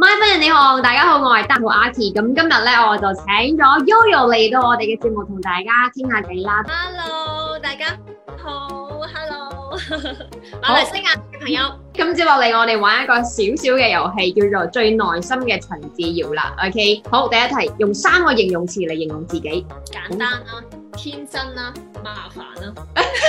my friend 你好，大家好，我係達浩阿 key，咁今日咧我就請咗悠悠嚟到我哋嘅節目同大家傾下偈啦。Hello，大家好。Hello， 馬來西亞嘅朋友。好 今朝落嚟我哋玩一個小小嘅遊戲，叫做最耐心嘅陳志瑤啦。OK，好，第一題，用三個形容詞嚟形容自己。簡單啦、啊，天好真啦、啊，麻煩啦、啊。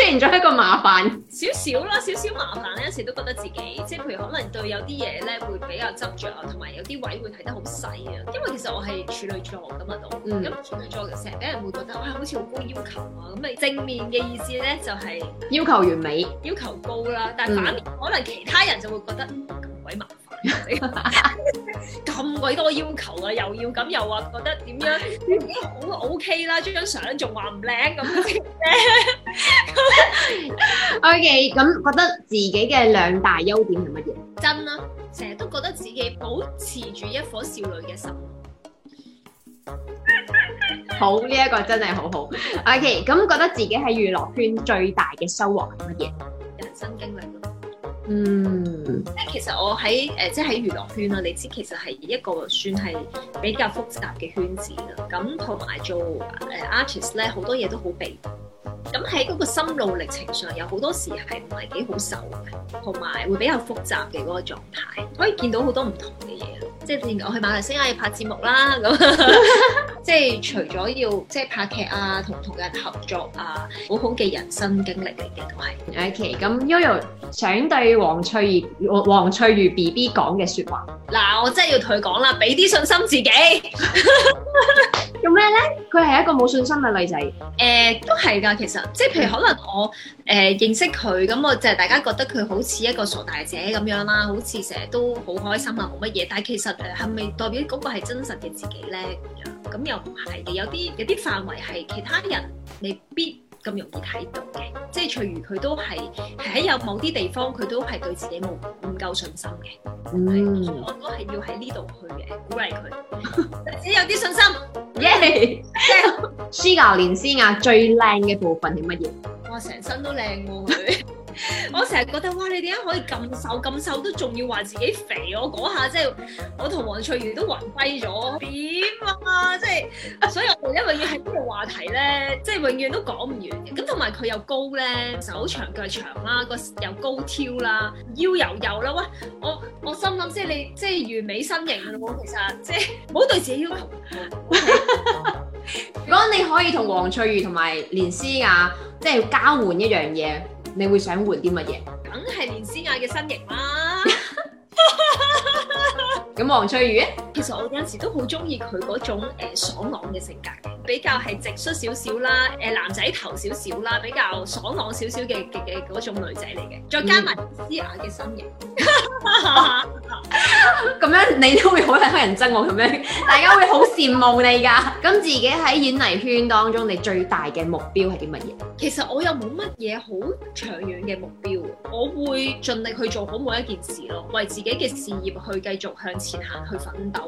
出現咗一個麻煩，少少啦，少少麻煩咧，有時都覺得自己即係譬如可能對有啲嘢咧會比較執着，同埋有啲位會睇得好細啊。因為其實我係處女座嘅嘛，我咁、嗯、處女座成日畀人會覺得哇、哎，好似好高要求啊。咁啊正面嘅意思咧就係、是、要求完美，要求高啦。但係反面可能其他人就會覺得咁鬼、嗯、麻煩、啊，咁鬼 多要求啊，又要咁又話覺得點樣好、嗯嗯、OK 啦？張相仲話唔靚咁。O K，咁覺得自己嘅兩大優點係乜嘢？真啦、啊，成日都覺得自己保持住一顆少女嘅心。 好，呢、這、一個真係好好。O K，咁覺得自己喺娛樂圈最大嘅收穫係乜嘢？人生經歷。嗯，即係其實我喺誒、呃，即係喺娛樂圈啊，你知其實係一個算係比較複雜嘅圈子啦。咁，同埋做誒 artist 咧，好多嘢都好避。咁喺嗰個心路歷程上，有好多時係唔係幾好受嘅，同埋會比較複雜嘅嗰個狀態，可以見到好多唔同嘅嘢，即係我去馬來西亞要拍節目啦，咁 即係除咗要即係拍劇啊，同同人合作啊，好好嘅人生經歷嚟嘅都係。Okay，咁 Yoyo 想對黃翠兒黃翠如 B B 講嘅說話，嗱，我真係要同佢講啦，俾啲信心自己。 做咩咧？佢係一個冇信心嘅女仔。誒、欸，都係噶，其實即係譬如可能我誒、欸、認識佢，咁我就係大家覺得佢好似一個傻大姐咁樣啦，好似成日都好開心啊，冇乜嘢。但係其實誒係咪代表嗰個係真實嘅自己咧？咁樣咁又唔係嘅，有啲有啲範圍係其他人未必咁容易睇到嘅。即係翠如佢都係，喺有某啲地方佢都係對自己冇唔夠信心嘅，嗯，所以我都係要喺呢度去嘅鼓勵佢，至少 有啲信心。耶！即係舒雅連詩雅最靚嘅部分係乜嘢？哇！成身都靚喎佢，我成日覺得哇，你點解可以咁瘦咁瘦都仲要話自己肥？我嗰下即係我同黃翠如都暈低咗，點啊？即係所以。 因為永遠係呢個話題咧，即係永遠都講唔完嘅。咁同埋佢又高咧，手長腳長啦，個又高挑啦，腰又幼啦。喂，我我心諗，即係你即係完美身形好，其實即係唔好對自己要求。 如果你可以同黃翠如同埋連詩雅即係交換一樣嘢，你會想換啲乜嘢？梗係連詩雅嘅身形啦。咁 黃 翠如？咧？其實我嗰陣時都好中意佢嗰種誒、呃、爽朗嘅性格，比較係直率少少啦，誒、呃、男仔頭少少啦，比較爽朗少少嘅嘅嘅嗰種女仔嚟嘅，再加埋思雅嘅身形，咁樣你都會好得人憎我咁樣。 大家會好羨慕你噶。咁 自己喺演藝圈當中，你最大嘅目標係啲乜嘢？其實我又冇乜嘢好長遠嘅目標，我會盡力去做好每一件事咯，為自己嘅事業去繼續向前行，去奮鬥。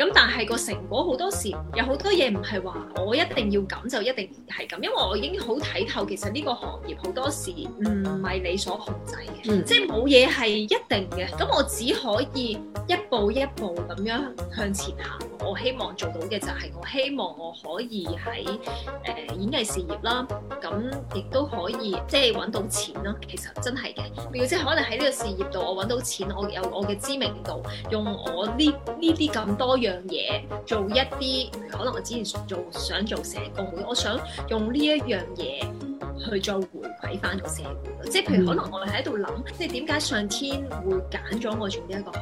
咁但係個成果好多時有好多嘢，唔係話我一定要咁就一定係咁，因為我已經好睇透其實呢個行業好多時唔係你所控制嘅，嗯，即係冇嘢係一定嘅。咁我只可以一步一步咁樣向前行。我希望做到嘅就係我希望我可以喺誒，呃，演藝事業啦，咁亦都可以即係揾到錢咯。其實真係嘅，即係可能喺呢個事業度我揾到錢，我有我嘅知名度，用我呢呢啲咁多樣。樣嘢做一啲，可能我之前做想做社工，我想用呢一樣嘢去再回饋翻個社會。即係譬如，可能我哋喺度諗，即係點解上天會揀咗我做呢一個。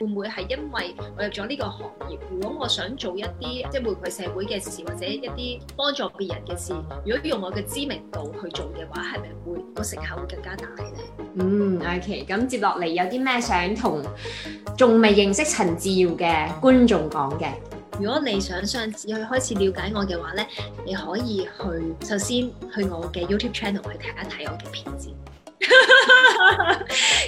會唔會係因為我入咗呢個行業？如果我想做一啲即係回饋社會嘅事，或者一啲幫助別人嘅事，如果用我嘅知名度去做嘅話，係咪會個成效會更加大呢？嗯，okay，咁接落嚟有啲咩想同仲未認識陳志耀嘅觀眾講嘅？如果你想上次去開始了解我嘅話呢，你可以去首先去我嘅 YouTube channel 去睇一睇我嘅片子。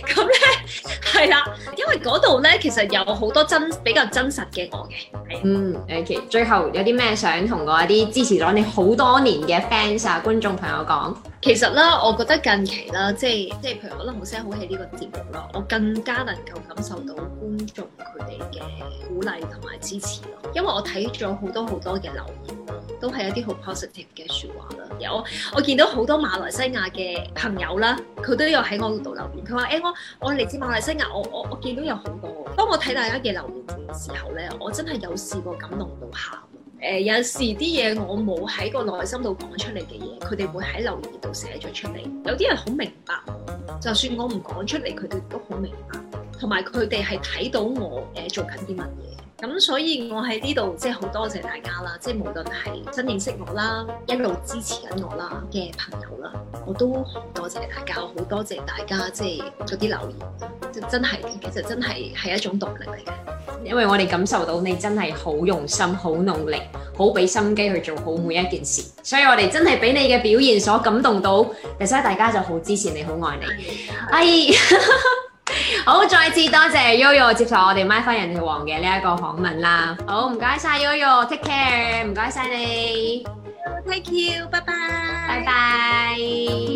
咁 呢。係啦，因為嗰度咧，其實有好多真比較真實嘅我嘅。嗯，誒，其最後有啲咩想同我啲支持咗你好多年嘅 fans 啊、觀眾朋友講？其實啦，我覺得近期啦，即係即係，譬如可能好聲好氣呢個節目咯，我更加能夠感受到觀眾佢哋嘅鼓勵同埋支持咯，因為我睇咗好多好多嘅留言。都係一啲好 positive 嘅説話啦。有我，我見到好多馬來西亞嘅朋友啦，佢都有喺我度留言。佢話：誒、欸，我我嚟自馬來西亞，我我我見到有好多。當我睇大家嘅留言嘅時候咧，我真係有試過感動到喊誒、呃。有時啲嘢我冇喺個內心度講出嚟嘅嘢，佢哋會喺留言度寫咗出嚟。有啲人好明白，就算我唔講出嚟，佢哋都好明白。同埋佢哋係睇到我誒做緊啲乜嘢，咁所以我喺呢度即係好多謝大家啦，即係無論係真認識我啦，一路支持緊我啦嘅朋友啦，我都多謝大家，好多謝大家即係嗰啲留言，即真係其實真係係一種動力嚟嘅，因為我哋感受到你真係好用心、好努力、好俾心機去做好每一件事，嗯、所以我哋真係俾你嘅表現所感動到，其實大家就好支持你、好愛你，哎、嗯。唉 好，再次多謝 YoYo 接受我哋 MyFun 人氣王嘅呢一個訪問啦。好，唔該曬 YoYo，take care，唔該曬你，thank you，拜拜，拜拜。